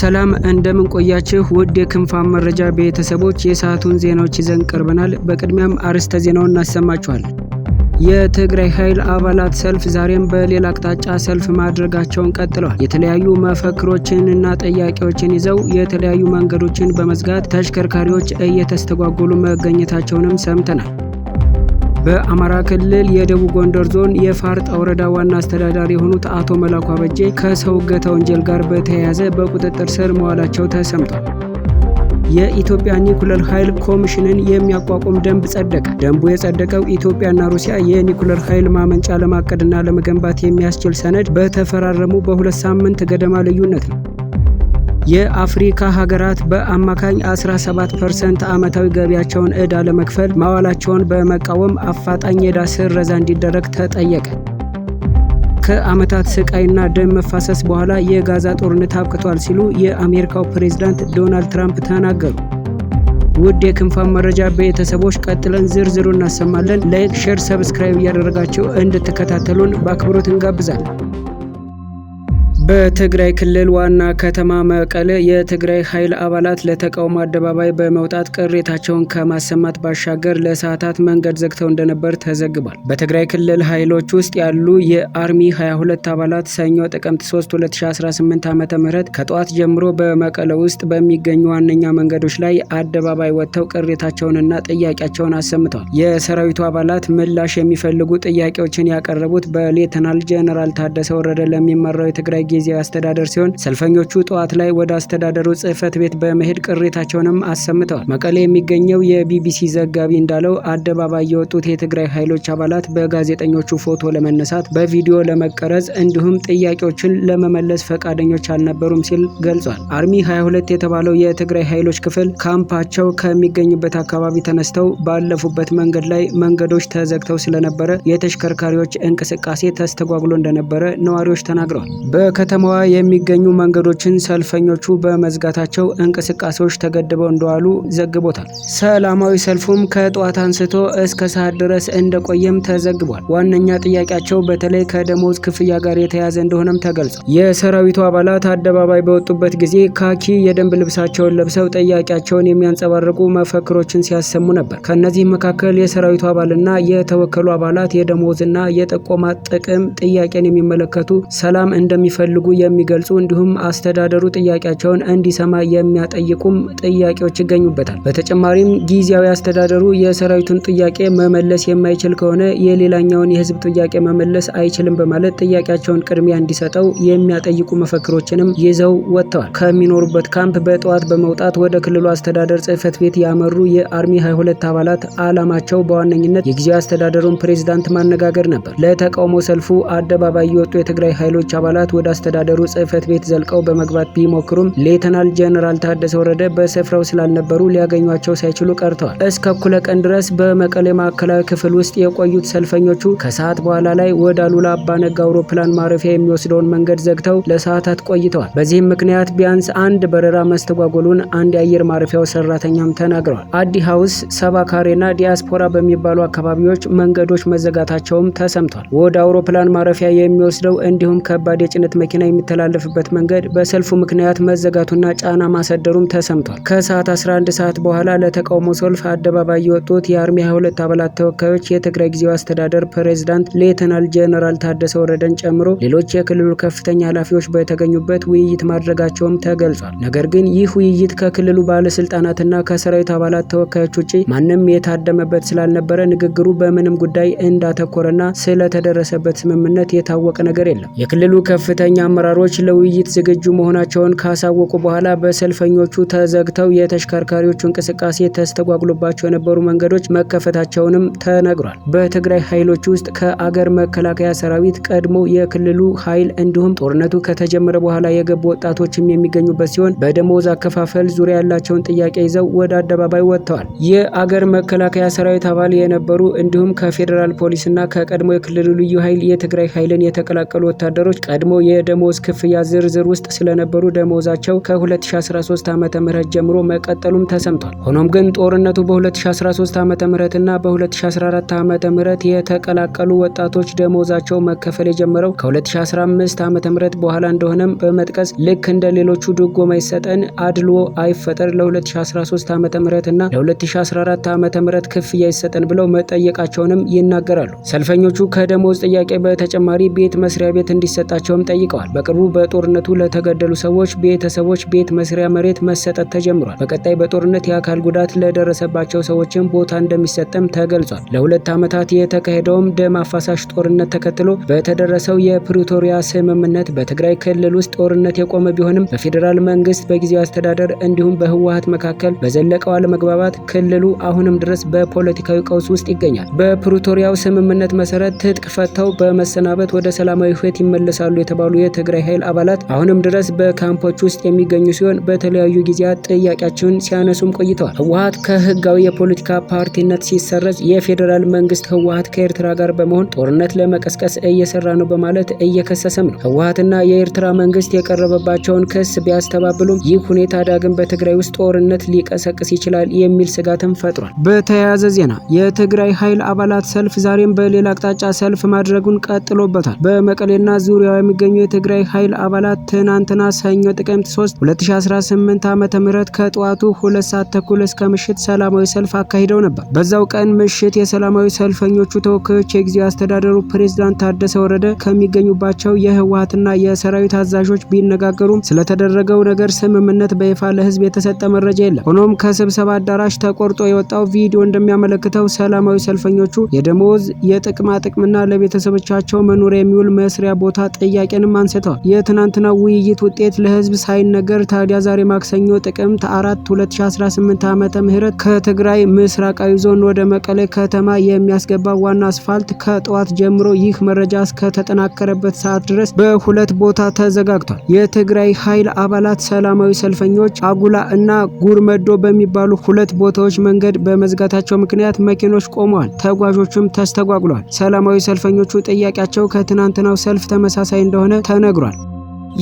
ሰላም እንደምን ቆያችሁ ውድ የክንፋን መረጃ ቤተሰቦች፣ የሰዓቱን ዜናዎች ይዘን ቀርበናል። በቅድሚያም አርዕስተ ዜናውን እናሰማችኋል። የትግራይ ኃይል አባላት ሰልፍ ዛሬም በሌላ አቅጣጫ ሰልፍ ማድረጋቸውን ቀጥለዋል። የተለያዩ መፈክሮችንና ጥያቄዎችን ይዘው የተለያዩ መንገዶችን በመዝጋት ተሽከርካሪዎች እየተስተጓጎሉ መገኘታቸውንም ሰምተናል። በአማራ ክልል የደቡብ ጎንደር ዞን የፋርጣ ወረዳ ዋና አስተዳዳሪ የሆኑት አቶ መላኩ አበጄ ከሰው እገታ ወንጀል ጋር በተያያዘ በቁጥጥር ስር መዋላቸው ተሰምቷል። የኢትዮጵያ ኒኩለር ኃይል ኮሚሽንን የሚያቋቁም ደንብ ጸደቀ። ደንቡ የጸደቀው ኢትዮጵያና ሩሲያ የኒኩለር ኃይል ማመንጫ ለማቀድና ለመገንባት የሚያስችል ሰነድ በተፈራረሙ በሁለት ሳምንት ገደማ ልዩነት ነው። የአፍሪካ ሀገራት በአማካኝ 17 ፐርሰንት ዓመታዊ ገቢያቸውን ዕዳ ለመክፈል ማዋላቸውን በመቃወም አፋጣኝ የዕዳ ስረዛ እንዲደረግ ተጠየቀ። ከዓመታት ስቃይና ደም መፋሰስ በኋላ የጋዛ ጦርነት አብቅቷል ሲሉ የአሜሪካው ፕሬዝዳንት ዶናልድ ትራምፕ ተናገሩ። ውድ የክንፋን መረጃ ቤተሰቦች ቀጥለን ዝርዝሩ እናሰማለን። ላይክ፣ ሼር፣ ሰብስክራይብ እያደረጋቸው እንድትከታተሉን በአክብሮት እንጋብዛለን። በትግራይ ክልል ዋና ከተማ መቀለ የትግራይ ኃይል አባላት ለተቃውሞ አደባባይ በመውጣት ቅሬታቸውን ከማሰማት ባሻገር ለሰዓታት መንገድ ዘግተው እንደነበር ተዘግቧል። በትግራይ ክልል ኃይሎች ውስጥ ያሉ የአርሚ 22 አባላት ሰኞ ጥቅምት 3 2018 ዓ ም ከጠዋት ጀምሮ በመቀለ ውስጥ በሚገኙ ዋነኛ መንገዶች ላይ አደባባይ ወጥተው ቅሬታቸውንና ጥያቄያቸውን አሰምተዋል። የሰራዊቱ አባላት ምላሽ የሚፈልጉ ጥያቄዎችን ያቀረቡት በሌተናል ጄኔራል ታደሰ ወረደ ለሚመራው የትግራይ ጊዜያዊ አስተዳደር ሲሆን ሰልፈኞቹ ጠዋት ላይ ወደ አስተዳደሩ ጽህፈት ቤት በመሄድ ቅሬታቸውንም አሰምተዋል። መቀሌ የሚገኘው የቢቢሲ ዘጋቢ እንዳለው አደባባይ የወጡት የትግራይ ኃይሎች አባላት በጋዜጠኞቹ ፎቶ ለመነሳት፣ በቪዲዮ ለመቀረጽ እንዲሁም ጥያቄዎችን ለመመለስ ፈቃደኞች አልነበሩም ሲል ገልጿል። አርሚ 22 የተባለው የትግራይ ኃይሎች ክፍል ካምፓቸው ከሚገኝበት አካባቢ ተነስተው ባለፉበት መንገድ ላይ መንገዶች ተዘግተው ስለነበረ የተሽከርካሪዎች እንቅስቃሴ ተስተጓጉሎ እንደነበረ ነዋሪዎች ተናግረዋል። በከተማዋ የሚገኙ መንገዶችን ሰልፈኞቹ በመዝጋታቸው እንቅስቃሴዎች ተገድበው እንደዋሉ ዘግቦታል። ሰላማዊ ሰልፉም ከጠዋት አንስቶ እስከ ሰዓት ድረስ እንደቆየም ተዘግቧል። ዋነኛ ጥያቄያቸው በተለይ ከደሞዝ ክፍያ ጋር የተያዘ እንደሆነም ተገልጿል። የሰራዊቱ አባላት አደባባይ በወጡበት ጊዜ ካኪ የደንብ ልብሳቸውን ለብሰው ጥያቄያቸውን የሚያንጸባርቁ መፈክሮችን ሲያሰሙ ነበር። ከእነዚህ መካከል የሰራዊቱ አባልና የተወከሉ አባላት የደሞዝና የጠቆማ ጥቅም ጥያቄን የሚመለከቱ ሰላም እንደሚፈልጉ እንደሚፈልጉ የሚገልጹ እንዲሁም አስተዳደሩ ጥያቄያቸውን እንዲሰማ የሚያጠይቁም ጥያቄዎች ይገኙበታል። በተጨማሪም ጊዜያዊ አስተዳደሩ የሰራዊቱን ጥያቄ መመለስ የማይችል ከሆነ የሌላኛውን የህዝብ ጥያቄ መመለስ አይችልም በማለት ጥያቄያቸውን ቅድሚያ እንዲሰጠው የሚያጠይቁ መፈክሮችንም ይዘው ወጥተዋል። ከሚኖሩበት ካምፕ በጠዋት በመውጣት ወደ ክልሉ አስተዳደር ጽህፈት ቤት ያመሩ የአርሚ 22 አባላት አላማቸው በዋነኝነት የጊዜያዊ አስተዳደሩን ፕሬዝዳንት ማነጋገር ነበር። ለተቃውሞ ሰልፉ አደባባይ የወጡ የትግራይ ኃይሎች አባላት ወደ አስተዳደሩ ጽህፈት ቤት ዘልቀው በመግባት ቢሞክሩም ሌተናል ጀነራል ታደሰ ወረደ በስፍራው ስላልነበሩ ሊያገኟቸው ሳይችሉ ቀርተዋል። እስከ እኩለ ቀን ድረስ በመቀሌ ማዕከላዊ ክፍል ውስጥ የቆዩት ሰልፈኞቹ ከሰዓት በኋላ ላይ ወደ አሉላ አባነጋ አውሮፕላን ማረፊያ የሚወስደውን መንገድ ዘግተው ለሰዓታት ቆይተዋል። በዚህም ምክንያት ቢያንስ አንድ በረራ መስተጓጎሉን አንድ የአየር ማረፊያው ሰራተኛም ተናግረዋል። አዲ ሀውስ፣ ሰባ ካሬና ዲያስፖራ በሚባሉ አካባቢዎች መንገዶች መዘጋታቸውም ተሰምቷል። ወደ አውሮፕላን ማረፊያ የሚወስደው እንዲሁም ከባድ የጭነት መኪና የሚተላለፍበት መንገድ በሰልፉ ምክንያት መዘጋቱና ጫና ማሳደሩም ተሰምቷል። ከሰዓት 11 ሰዓት በኋላ ለተቃውሞ ሰልፍ አደባባይ የወጡት የአርሚ 22 አባላት ተወካዮች የትግራይ ጊዜያዊ አስተዳደር ፕሬዝዳንት ሌተናል ጄኔራል ታደሰ ወረደን ጨምሮ ሌሎች የክልሉ ከፍተኛ ኃላፊዎች በተገኙበት ውይይት ማድረጋቸውም ተገልጿል። ነገር ግን ይህ ውይይት ከክልሉ ባለስልጣናትና ከሰራዊት አባላት ተወካዮች ውጭ ማንም የታደመበት ስላልነበረ ንግግሩ በምንም ጉዳይ እንዳተኮረና ስለተደረሰበት ስምምነት የታወቀ ነገር የለም። የክልሉ ከፍተኛ ከፍተኛ አመራሮች ለውይይት ዝግጁ መሆናቸውን ካሳወቁ በኋላ በሰልፈኞቹ ተዘግተው የተሽከርካሪዎቹ እንቅስቃሴ ተስተጓጉሎባቸው የነበሩ መንገዶች መከፈታቸውንም ተነግሯል። በትግራይ ኃይሎች ውስጥ ከአገር መከላከያ ሰራዊት ቀድሞ የክልሉ ኃይል እንዲሁም ጦርነቱ ከተጀመረ በኋላ የገቡ ወጣቶችም የሚገኙበት ሲሆን በደሞዝ አከፋፈል ዙሪያ ያላቸውን ጥያቄ ይዘው ወደ አደባባይ ወጥተዋል። የአገር መከላከያ ሰራዊት አባል የነበሩ እንዲሁም ከፌዴራል ፖሊስና ከቀድሞ የክልሉ ልዩ ኃይል የትግራይ ኃይልን የተቀላቀሉ ወታደሮች ቀድሞ በደሞዝ ክፍያ ዝርዝር ውስጥ ስለነበሩ ደሞዛቸው ከ2013 ዓ ም ጀምሮ መቀጠሉም ተሰምቷል። ሆኖም ግን ጦርነቱ በ2013 ዓ ምና በ2014 ዓ ም የተቀላቀሉ ወጣቶች ደሞዛቸው መከፈል የጀመረው ከ2015 ዓ ም በኋላ እንደሆነም በመጥቀስ ልክ እንደ ሌሎቹ ድጎማ ይሰጠን፣ አድልዎ አይፈጠር፣ ለ2013 ዓ ም እና ለ2014 ዓ ም ክፍያ ይሰጠን ብለው መጠየቃቸውንም ይናገራሉ። ሰልፈኞቹ ከደሞዝ ጥያቄ በተጨማሪ ቤት መስሪያ ቤት እንዲሰጣቸውም ጠይቀዋል። አስታውቀዋል። በቅርቡ በጦርነቱ ለተገደሉ ሰዎች ቤተሰቦች ቤት መስሪያ መሬት መሰጠት ተጀምሯል። በቀጣይ በጦርነት የአካል ጉዳት ለደረሰባቸው ሰዎችም ቦታ እንደሚሰጠም ተገልጿል። ለሁለት ዓመታት የተካሄደውም ደም አፋሳሽ ጦርነት ተከትሎ በተደረሰው የፕሪቶሪያ ስምምነት በትግራይ ክልል ውስጥ ጦርነት የቆመ ቢሆንም በፌዴራል መንግስት በጊዜያዊ አስተዳደር እንዲሁም በህወሀት መካከል በዘለቀው አለመግባባት ክልሉ አሁንም ድረስ በፖለቲካዊ ቀውስ ውስጥ ይገኛል። በፕሪቶሪያው ስምምነት መሰረት ትጥቅ ፈተው በመሰናበት ወደ ሰላማዊ ህይወት ይመለሳሉ የተባሉ የትግራይ ኃይል አባላት አሁንም ድረስ በካምፖች ውስጥ የሚገኙ ሲሆን በተለያዩ ጊዜያት ጥያቄያቸውን ሲያነሱም ቆይተዋል። ህወሀት ከህጋዊ የፖለቲካ ፓርቲነት ሲሰረዝ የፌዴራል መንግስት ህወሀት ከኤርትራ ጋር በመሆን ጦርነት ለመቀስቀስ እየሰራ ነው በማለት እየከሰሰም ነው። ህወሀትና የኤርትራ መንግስት የቀረበባቸውን ክስ ቢያስተባብሉም ይህ ሁኔታ ዳግም በትግራይ ውስጥ ጦርነት ሊቀሰቅስ ይችላል የሚል ስጋትም ፈጥሯል። በተያያዘ ዜና የትግራይ ኃይል አባላት ሰልፍ ዛሬም በሌላ አቅጣጫ ሰልፍ ማድረጉን ቀጥሎበታል። በመቀሌና ዙሪያው የሚገኙ የትግራይ ኃይል አባላት ትናንትና ሰኞ ጥቅምት 3 2018 ዓ.ም ከጠዋቱ ሁለት ሰዓት ተኩል እስከ ምሽት ሰላማዊ ሰልፍ አካሂደው ነበር። በዛው ቀን ምሽት የሰላማዊ ሰልፈኞቹ ተወካዮች የጊዜያዊ አስተዳደሩ ፕሬዝዳንት ታደሰ ወረደ ከሚገኙባቸው የህወሀትና የሰራዊት አዛዦች ቢነጋገሩም ስለተደረገው ነገር ስምምነት በይፋ ለህዝብ የተሰጠ መረጃ የለም። ሆኖም ከስብሰባ አዳራሽ ተቆርጦ የወጣው ቪዲዮ እንደሚያመለክተው ሰላማዊ ሰልፈኞቹ የደሞዝ የጥቅማ ጥቅምና ለቤተሰቦቻቸው መኖሪያ የሚውል መስሪያ ቦታ ጥያቄንም አንስተዋል። የትናንትናው ውይይት ውጤት ለህዝብ ሳይነገር ታዲያ ዛሬ ማክሰኞ ጥቅምት 4 2018 ዓ ም ከትግራይ ምስራቃዊ ዞን ወደ መቀለ ከተማ የሚያስገባ ዋና አስፋልት ከጠዋት ጀምሮ ይህ መረጃ እስከተጠናከረበት ሰዓት ድረስ በሁለት ቦታ ተዘጋግቷል። የትግራይ ኃይል አባላት ሰላማዊ ሰልፈኞች አጉላ እና ጉርመዶ በሚባሉ ሁለት ቦታዎች መንገድ በመዝጋታቸው ምክንያት መኪኖች ቆመዋል፣ ተጓዦቹም ተስተጓጉለዋል። ሰላማዊ ሰልፈኞቹ ጥያቄያቸው ከትናንትናው ሰልፍ ተመሳሳይ እንደሆነ ተነግሯል።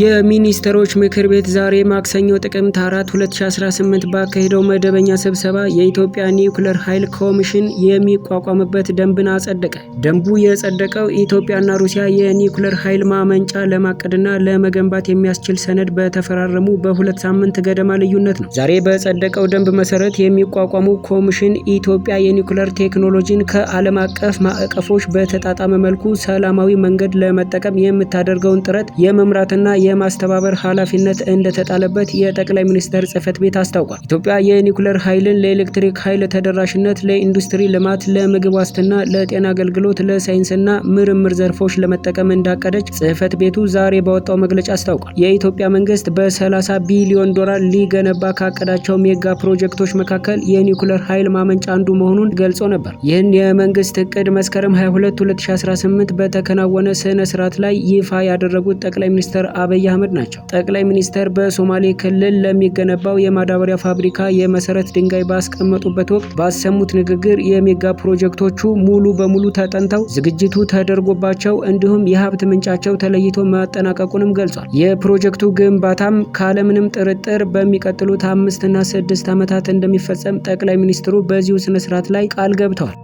የሚኒስትሮች ምክር ቤት ዛሬ ማክሰኞ ጥቅምት 4 2018 ባካሄደው መደበኛ ስብሰባ የኢትዮጵያ ኒውክለር ኃይል ኮሚሽን የሚቋቋምበት ደንብን አጸደቀ። ደንቡ የጸደቀው ኢትዮጵያና ሩሲያ የኒውክለር ኃይል ማመንጫ ለማቀድና ለመገንባት የሚያስችል ሰነድ በተፈራረሙ በሁለት ሳምንት ገደማ ልዩነት ነው። ዛሬ በጸደቀው ደንብ መሰረት የሚቋቋሙ ኮሚሽን ኢትዮጵያ የኒውክለር ቴክኖሎጂን ከዓለም አቀፍ ማዕቀፎች በተጣጣመ መልኩ ሰላማዊ መንገድ ለመጠቀም የምታደርገውን ጥረት የመምራትና የማስተባበር ኃላፊነት እንደተጣለበት የጠቅላይ ሚኒስተር ጽህፈት ቤት አስታውቋል። ኢትዮጵያ የኒኩሌር ኃይልን ለኤሌክትሪክ ኃይል ተደራሽነት፣ ለኢንዱስትሪ ልማት፣ ለምግብ ዋስትና፣ ለጤና አገልግሎት፣ ለሳይንስና ምርምር ዘርፎች ለመጠቀም እንዳቀደች ጽህፈት ቤቱ ዛሬ ባወጣው መግለጫ አስታውቋል። የኢትዮጵያ መንግስት በ30 ቢሊዮን ዶላር ሊገነባ ካቀዳቸው ሜጋ ፕሮጀክቶች መካከል የኒኩለር ኃይል ማመንጫ አንዱ መሆኑን ገልጾ ነበር። ይህን የመንግስት እቅድ መስከረም 22 2018 በተከናወነ ስነ ስርዓት ላይ ይፋ ያደረጉት ጠቅላይ ሚኒስትር አብ አብይ አህመድ ናቸው። ጠቅላይ ሚኒስተር በሶማሌ ክልል ለሚገነባው የማዳበሪያ ፋብሪካ የመሰረት ድንጋይ ባስቀመጡበት ወቅት ባሰሙት ንግግር የሜጋ ፕሮጀክቶቹ ሙሉ በሙሉ ተጠንተው ዝግጅቱ ተደርጎባቸው እንዲሁም የሀብት ምንጫቸው ተለይቶ ማጠናቀቁንም ገልጿል። የፕሮጀክቱ ግንባታም ካለምንም ጥርጥር በሚቀጥሉት አምስትና ስድስት ዓመታት እንደሚፈጸም ጠቅላይ ሚኒስትሩ በዚሁ ስነስርዓት ላይ ቃል ገብተዋል።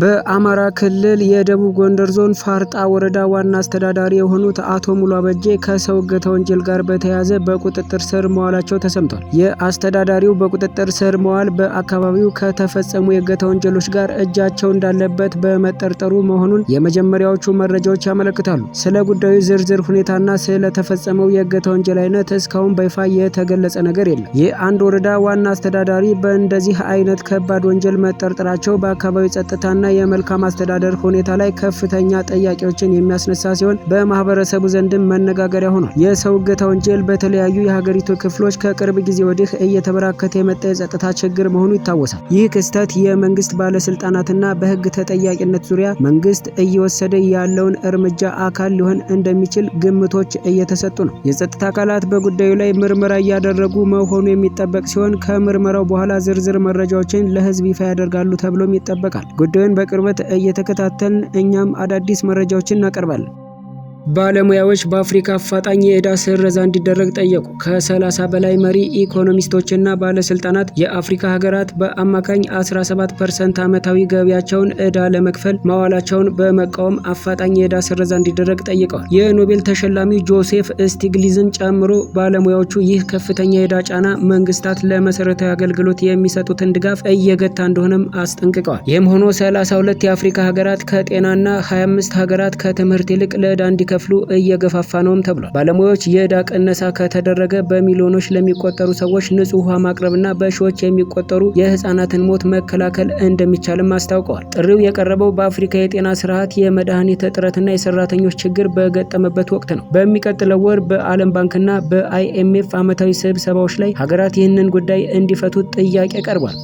በአማራ ክልል የደቡብ ጎንደር ዞን ፋርጣ ወረዳ ዋና አስተዳዳሪ የሆኑት አቶ ሙሉ አበጄ ከሰው እገታ ወንጀል ጋር በተያያዘ በቁጥጥር ስር መዋላቸው ተሰምቷል። የአስተዳዳሪው በቁጥጥር ስር መዋል በአካባቢው ከተፈጸሙ የእገታ ወንጀሎች ጋር እጃቸው እንዳለበት በመጠርጠሩ መሆኑን የመጀመሪያዎቹ መረጃዎች ያመለክታሉ። ስለ ጉዳዩ ዝርዝር ሁኔታና ስለተፈጸመው የእገታ ወንጀል አይነት እስካሁን በይፋ የተገለጸ ነገር የለም። የአንድ ወረዳ ዋና አስተዳዳሪ በእንደዚህ አይነት ከባድ ወንጀል መጠርጠራቸው በአካባቢው ጸጥታና የፍትህና የመልካም አስተዳደር ሁኔታ ላይ ከፍተኛ ጥያቄዎችን የሚያስነሳ ሲሆን በማህበረሰቡ ዘንድም መነጋገሪያ ሆኗል። የሰው እገታ ወንጀል በተለያዩ የሀገሪቱ ክፍሎች ከቅርብ ጊዜ ወዲህ እየተበራከተ የመጣ የጸጥታ ችግር መሆኑ ይታወሳል። ይህ ክስተት የመንግስት ባለስልጣናትና በህግ ተጠያቂነት ዙሪያ መንግስት እየወሰደ ያለውን እርምጃ አካል ሊሆን እንደሚችል ግምቶች እየተሰጡ ነው። የጸጥታ አካላት በጉዳዩ ላይ ምርመራ እያደረጉ መሆኑ የሚጠበቅ ሲሆን ከምርመራው በኋላ ዝርዝር መረጃዎችን ለህዝብ ይፋ ያደርጋሉ ተብሎም ይጠበቃል። ጉዳዩ ጉዳዩን በቅርበት እየተከታተልን እኛም አዳዲስ መረጃዎችን እናቀርባለን። ባለሙያዎች በአፍሪካ አፋጣኝ የዕዳ ስረዛ እንዲደረግ ጠየቁ። ከ30 በላይ መሪ ኢኮኖሚስቶችና ባለስልጣናት የአፍሪካ ሀገራት በአማካኝ 17 ፐርሰንት ዓመታዊ ገቢያቸውን ዕዳ ለመክፈል ማዋላቸውን በመቃወም አፋጣኝ የዕዳ ስረዛ እንዲደረግ ጠይቀዋል። የኖቤል ተሸላሚው ጆሴፍ ስቲግሊዝን ጨምሮ ባለሙያዎቹ ይህ ከፍተኛ የዕዳ ጫና መንግስታት ለመሰረታዊ አገልግሎት የሚሰጡትን ድጋፍ እየገታ እንደሆነም አስጠንቅቀዋል። ይህም ሆኖ 32 የአፍሪካ ሀገራት ከጤናና 25 ሀገራት ከትምህርት ይልቅ ለዕዳ እንዲ እንዲከፍሉ እየገፋፋ ነውም ተብሏል። ባለሙያዎች የዕዳ ቅነሳ ከተደረገ በሚሊዮኖች ለሚቆጠሩ ሰዎች ንጹህ ውሃ ማቅረብና በሺዎች የሚቆጠሩ የህፃናትን ሞት መከላከል እንደሚቻልም አስታውቀዋል። ጥሪው የቀረበው በአፍሪካ የጤና ስርዓት የመድኃኒት እጥረትና የሰራተኞች ችግር በገጠመበት ወቅት ነው። በሚቀጥለው ወር በዓለም ባንክና በአይኤምኤፍ ዓመታዊ ስብሰባዎች ላይ ሀገራት ይህንን ጉዳይ እንዲፈቱ ጥያቄ ቀርቧል።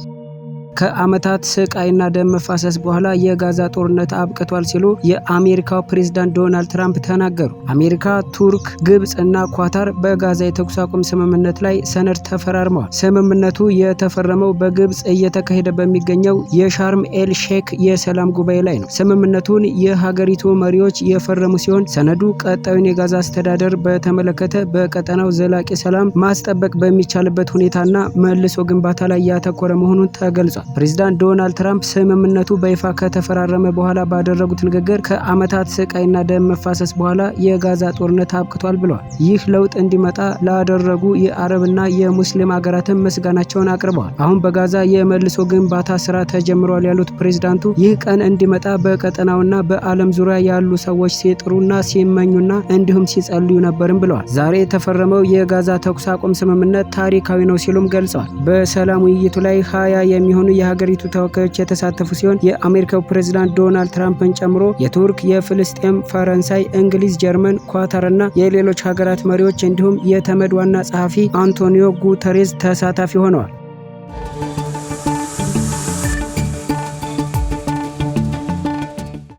ከዓመታት ስቃይና ደም መፋሰስ በኋላ የጋዛ ጦርነት አብቅቷል ሲሉ የአሜሪካው ፕሬዝዳንት ዶናልድ ትራምፕ ተናገሩ። አሜሪካ፣ ቱርክ፣ ግብፅ እና ኳታር በጋዛ የተኩስ አቁም ስምምነት ላይ ሰነድ ተፈራርመዋል። ስምምነቱ የተፈረመው በግብፅ እየተካሄደ በሚገኘው የሻርም ኤል ሼክ የሰላም ጉባኤ ላይ ነው። ስምምነቱን የሀገሪቱ መሪዎች የፈረሙ ሲሆን ሰነዱ ቀጣዩን የጋዛ አስተዳደር በተመለከተ በቀጠናው ዘላቂ ሰላም ማስጠበቅ በሚቻልበት ሁኔታና መልሶ ግንባታ ላይ ያተኮረ መሆኑን ተገልጿል። ፕሬዚዳንት ዶናልድ ትራምፕ ስምምነቱ በይፋ ከተፈራረመ በኋላ ባደረጉት ንግግር ከዓመታት ስቃይና ደም መፋሰስ በኋላ የጋዛ ጦርነት አብቅቷል ብለዋል። ይህ ለውጥ እንዲመጣ ላደረጉ የአረብና የሙስሊም ሀገራትን ምስጋናቸውን አቅርበዋል። አሁን በጋዛ የመልሶ ግንባታ ስራ ተጀምሯል ያሉት ፕሬዚዳንቱ ይህ ቀን እንዲመጣ በቀጠናውና በዓለም ዙሪያ ያሉ ሰዎች ሲጥሩና ሲመኙና እንዲሁም ሲጸልዩ ነበርም ብለዋል። ዛሬ የተፈረመው የጋዛ ተኩስ አቁም ስምምነት ታሪካዊ ነው ሲሉም ገልጸዋል። በሰላም ውይይቱ ላይ ሀያ የሚሆኑ የሀገሪቱ ተወካዮች የተሳተፉ ሲሆን የአሜሪካው ፕሬዚዳንት ዶናልድ ትራምፕን ጨምሮ የቱርክ፣ የፍልስጤም፣ ፈረንሳይ፣ እንግሊዝ፣ ጀርመን፣ ኳታር እና የሌሎች ሀገራት መሪዎች እንዲሁም የተመድ ዋና ጸሐፊ አንቶኒዮ ጉተሬዝ ተሳታፊ ሆነዋል።